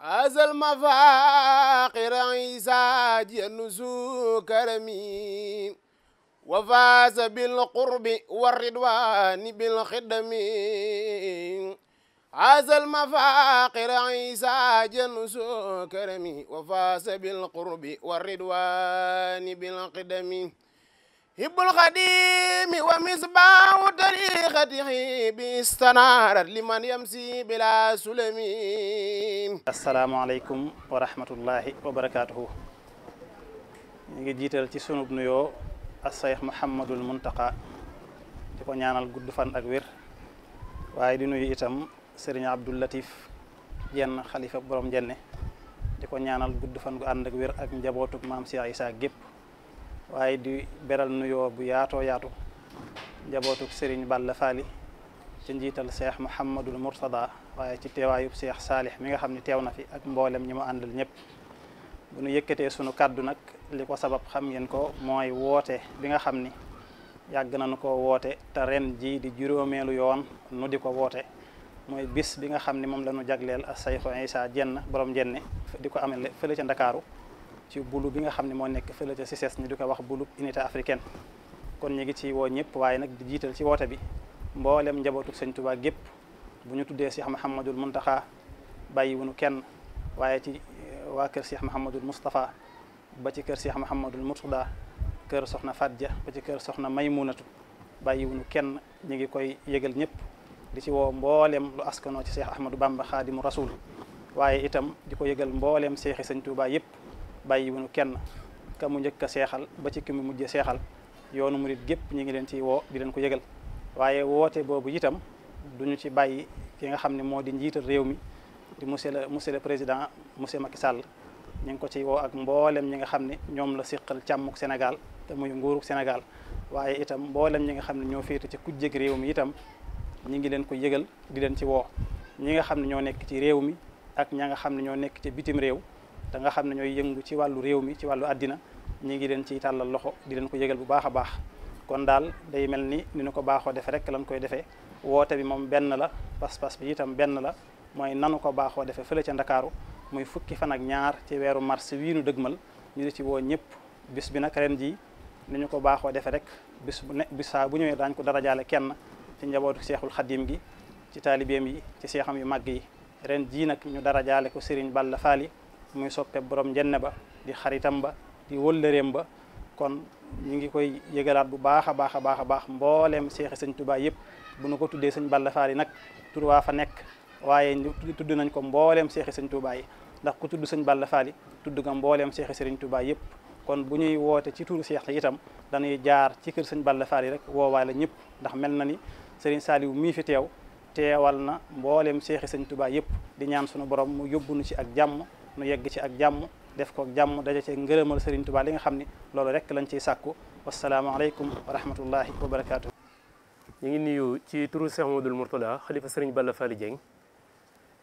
هذا المفاقر عيسى جنس كرمي وفاز بالقرب والرضوان بالخدم هذا المفاقر عيسى جنس كرمي وفاز بالقرب والرضوان بالخدم حب القديم ومصباح طريقته باستنارت لمن يمشي بلا سلم السلام عليكم ورحمة الله وبركاته نيجي جيتال ci sunu nuyo as-Seex Muhammadul Muntaqa di ñaanal gudd fan ak wér waaye di nuyu itam Sëriñ Abdul Latif jenn xalifa borom jenne di ñaanal gudd fan gu ànd ak wér ak njabootuk maam Seex Isaa gépp waaye di beral nuyoo bu yaatoo yaatu njabootuk Serigne Balla Faali ci njiital seex Mouhamadul Mourtada waaye ci teewaayub seex Saalih mi nga xam ne teew na fi ak mboolem ñi mu àndal ñëpp nu yëkkatee sunu kàddu nag li ko sabab xam ngeen ko mooy woote bi nga xam ni yàgg nañu ko woote te ren jii di juróomeelu yoon nu di ko woote mooy bis bi nga xam ni moom la ñu jagleel ak Sayxu Isaa Jenn borom jenne di ko amee fële ca Ndakaaru ci bulu bi nga xam ne moo nekk fële ca sees ñu di ko wax bulu unité africaine kon ñu ngi ci woo ñëpp waaye nag di jiital ci woote bi mboolem njabootu sëñ Tuubaa bu ñu tuddee Cheikh Mouhamadul Mountakha bàyyi wuñu kenn waaye ci eh, waa kër Cheikh Mouhamadul Moustapha ba ci kër Cheikh Mouhamadul Mourtada kër Soxna Fadja ba ci kër Soxna Maymunatu bàyyi wuñu kenn ñu ngi koy yëgal ñëpp di ci woo mboolem lu askanoo ci Cheikh Ahmadou Bamba Xaadimu Rasul waaye itam di ko yëgal mboolem seexi sëñ Tuubaa yëpp. bàyyi wuñu kenn ka mu njëkk a seexal ba ci ki mu mujj seexal yoonu murit gépp ñi ngi leen ci woo di leen ko yëgal waaye woote boobu itam duñu ci bàyyi ki nga xam ne moo di njiital réew mi di monsieur la monsieur le président monsieur Macky sàll ñu ngi ko ci woo ak mboolem ñi nga xam ne ñoom la siqal càmmuk Sénégal te muy nguuruk Sénégal waaye itam mboolem ñi nga xam ne ñoo féete ci kujjeg réew mi itam ñi ngi leen ko yëgal di leen ci woo ñi nga xam ne ñoo nekk ci réew mi ak ña nga xam ne ñoo nekk ci bitim réew te nga xam ne ñooy yëngu ci wàllu réew mi ci wàllu àddina ñi ngi leen ci tàllal loxo di leen ko yëgal bu baax a baax kon daal day mel ni ni ñu ko baaxoo defee rek lan koy defee woote moom benn la pas-pas bi itam benn la mooy nanu ko baaxoo defee fële ca ndakaaru muy fukki fan ak ñaar ci weeru mars wii nu dëgmal ñu di ci woo ñëpp bis bi nag ren jii ni ko baaxoo defee rek bis bu ne bis saa bu ñëwee daañ ko darajaale kenn ci njabootu seexul xadim gi ci taalibeem yi ci seexam yu màgg yi ren jii nag ñu darajaale ko Serigne Balla Faali muy soppe borom jenne ba di xaritam ba di wëllëreem ba kon ñu ngi koy yëgalaat bu baax a baax a baax a baax mbooleem seexi sëñ tubaay yëpp bu nu ko tuddee sëñ Balla Faali nag tur waa fa nekk waaye tudd nañ ko mbooleem seexi sëñ Tuubaa ndax ku tudd sëñ Balla Faali tudd nga mbooleem seexi sëriñ Tuubaa yëpp kon bu ñuy woote ci turu seex itam danuy jaar ci kër sëñ Balla Faali rek woowaay la ñëpp ndax mel na ni sëriñ Saaliw mii fi teew teewal na mbooleem seexi sëñ Tuubaa yëpp di ñaan sunu borom mu yóbbu nu ci ak jàmm nu yegg ci ak jàmm def ko ak jàmm daje ci ngërëmal Serigne Touba li nga xam ni loolu rek lañ ciy sàkku wasalaamaaleykum wa rahmatullahi wa barakaatu. ñu ngi nuyu ci turu Cheikh Modou Mourtala xalifa Serigne Balla Fally Dieng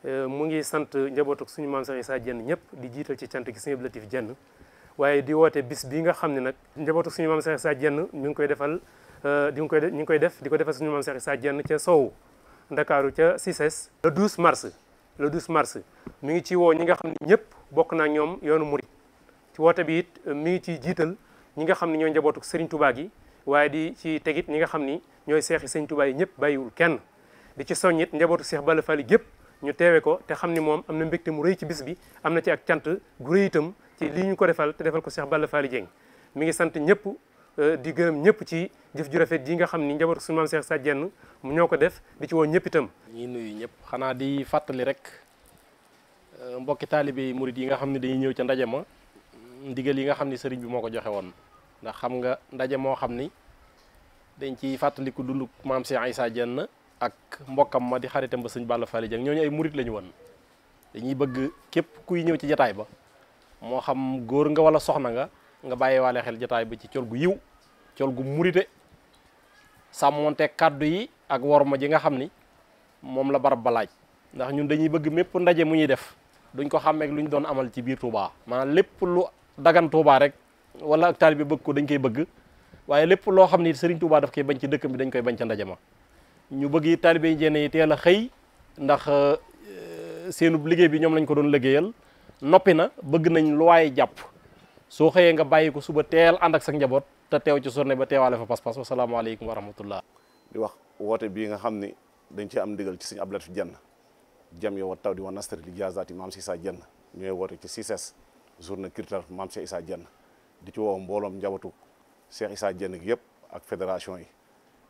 euh, mu ngi sant njabootuk suñu maam Cheikh Issa Dieng ñëpp di jiital ci sant gi Serigne Latif Dieng waaye di woote bis bi nga xam ne nag njabootuk suñu maam Cheikh saa Dieng mi ngi koy defal euh, di ko koy ñu ngi koy def di ko defal suñu maam Cheikh saa Dieng ca Sow Ndakaaru ca Cissés le 12 mars le 12 mars mu ngi ci woo ñi nga xam ne ñëpp bokk naa ñoom yoonu muri ci woote bi it euh, mi ngi ciy jiital ñi nga xam ne ñoo njabootu Serigne Touba gi waaye di ci tegit ñi nga xam ni ñooy seexi Serigne Touba yi ñëpp bàyyiwul kenn di ci soññit njabootu Seex Balla Fall gépp ñu teewe ko te xam ni moom am na mbégte mu rëy ci bis bi am na ci ak cant gu itam ci lii ñu ko defal te defal ko Seex Balla Fall Dieng mi ngi sant ñëpp euh, di gërëm ñëpp ci jëf ju rafet ji nga xam ni njabootu suñu maam Seex Saa Jenn mu ñoo ko def di ci woo ñëpp itam ñi nuyu ñëpp xanaa di fàttali rek Euh, mbokki taalibe murit yi nga xam ne dañuy ñëw ca ndaje ma ndigal yi nga xam ne sëriñ bi moo ko joxe woon ndax xam nga ndaje moo xam ni dañ ciy fàttaliku dunduk maam Cheikh Issa Diène ak mbokkam ma di xaritam ba sëñ Balla Fally Dieng ñooñu ay murit lañu woon dañuy bëgg képp kuy ñëw ci jataay ba moo xam góor nga wala soxna nga nga bàyyiwaale xel jataay ba ci col gu yiw col gu murite sàmmonte kàddu yi ak wor ma ji nga xam ni moom la barab ba laaj ndax ñun dañuy bëgg mépp ndaje mu ñuy def duñ ko xàmmeek lu ñu doon amal ci biir Touba maanaam lépp lu dagan Touba rek wala ak taalibe bëgg ko dañ koy bëgg waaye lépp loo xam ni Serigne Touba daf koy bañ ci dëkk bi dañ koy bañ ca ndaje ma ñu bëgg yi taalibe yi jéene yi teel a xëy ndax euh, seenub liggéey bi ñoom lañ ko doon liggéeyal noppi na bëgg nañ lu waaye jàpp soo xëyee nga bàyyi ko suba teel ànd ak sa njaboot te teew ci journée ba teewaale fa pas-pas wasalaamaaleykum wa rahmatullah di wax woote bii nga xam ni dañ ci am ndigal ci Serigne Abdou Latif Diène jam yo wa taw di wa nastar li jazaati maam si Issa Diène ñooy woote ci CICES journée culturelle maam Cheikh Issa Diène di ci woo mbooloom njabootu Cheikh Issa Diène gi yëpp ak fédération yi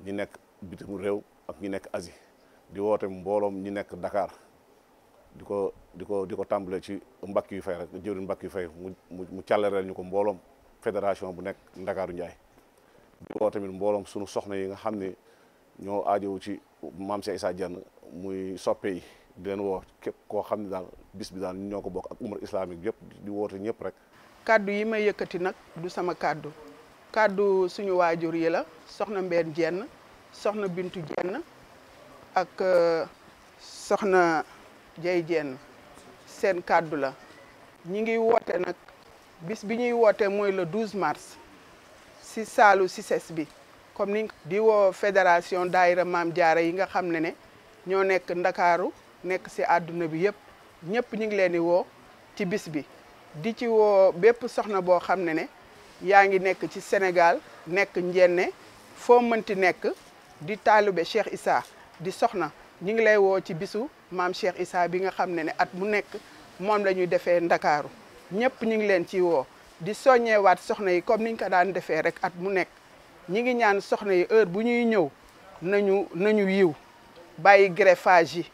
ñi nekk bitim réew ak ñi nekk asi di woote mbooloom ñi nekk Dakar di ko di ko di ko tàmbalee ci mbakk yu fay rek jëwriñ mbakk yu fay mu mu càllareel ñu ko mbooloom fédération bu nekk Ndakaaru Njaay di woo tamit mbooloom sunu soxna yi nga xam ne ñoo aajowu ci maam Cheikh Issa Diène muy soppe di woo képp koo xam ne daal bis bi daal ñoo ko bokk ak umar islamique yëpp di woote ñëpp rek. kàddu yi may yëkkati nag du sama kàddu kàddu suñu waajur yi la soxna mbenn Dieng soxna Bintu Dieng ak euh, soxna Jey Dieng seen kàddu la. ñi ngi woote nag bis bi ñuy woote mooy le 12 mars si saalu CICES bi comme ni di woo fédération daayira Maam Jaara yi nga xam ne ne ñoo nekk Ndakaaru. nekk si àdduna bi yëpp ñëpp ñu ngi leen di woo ci bis bi di ci woo bépp soxna boo xam ne ne yaa ngi nekk ci Sénégal nekk njenne foo mënti nekk di taalibe Cheikh Issa di soxna ñu ngi lay woo ci bisu maam Cheikh Issa bi nga xam ne ne at mu nekk moom la defee ndakaaru ñëpp ñu ngi leen ci woo di soñewaat soxna yi comme niñ ko daan defee rek at mu nekk ñi ngi ñaan soxna yi heure bu ñuy ñëw nañu nañu yiw bàyyi greffage yi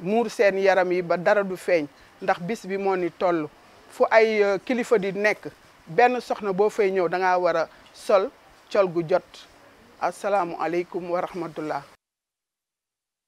muur seen yaram yi ba dara du feeñ ndax bis bi moo ni toll fu ay euh, kilifa di nekk benn soxna boo fay ñëw da ngaa war a sol col gu jot asalaamualeykum wa rahmatullah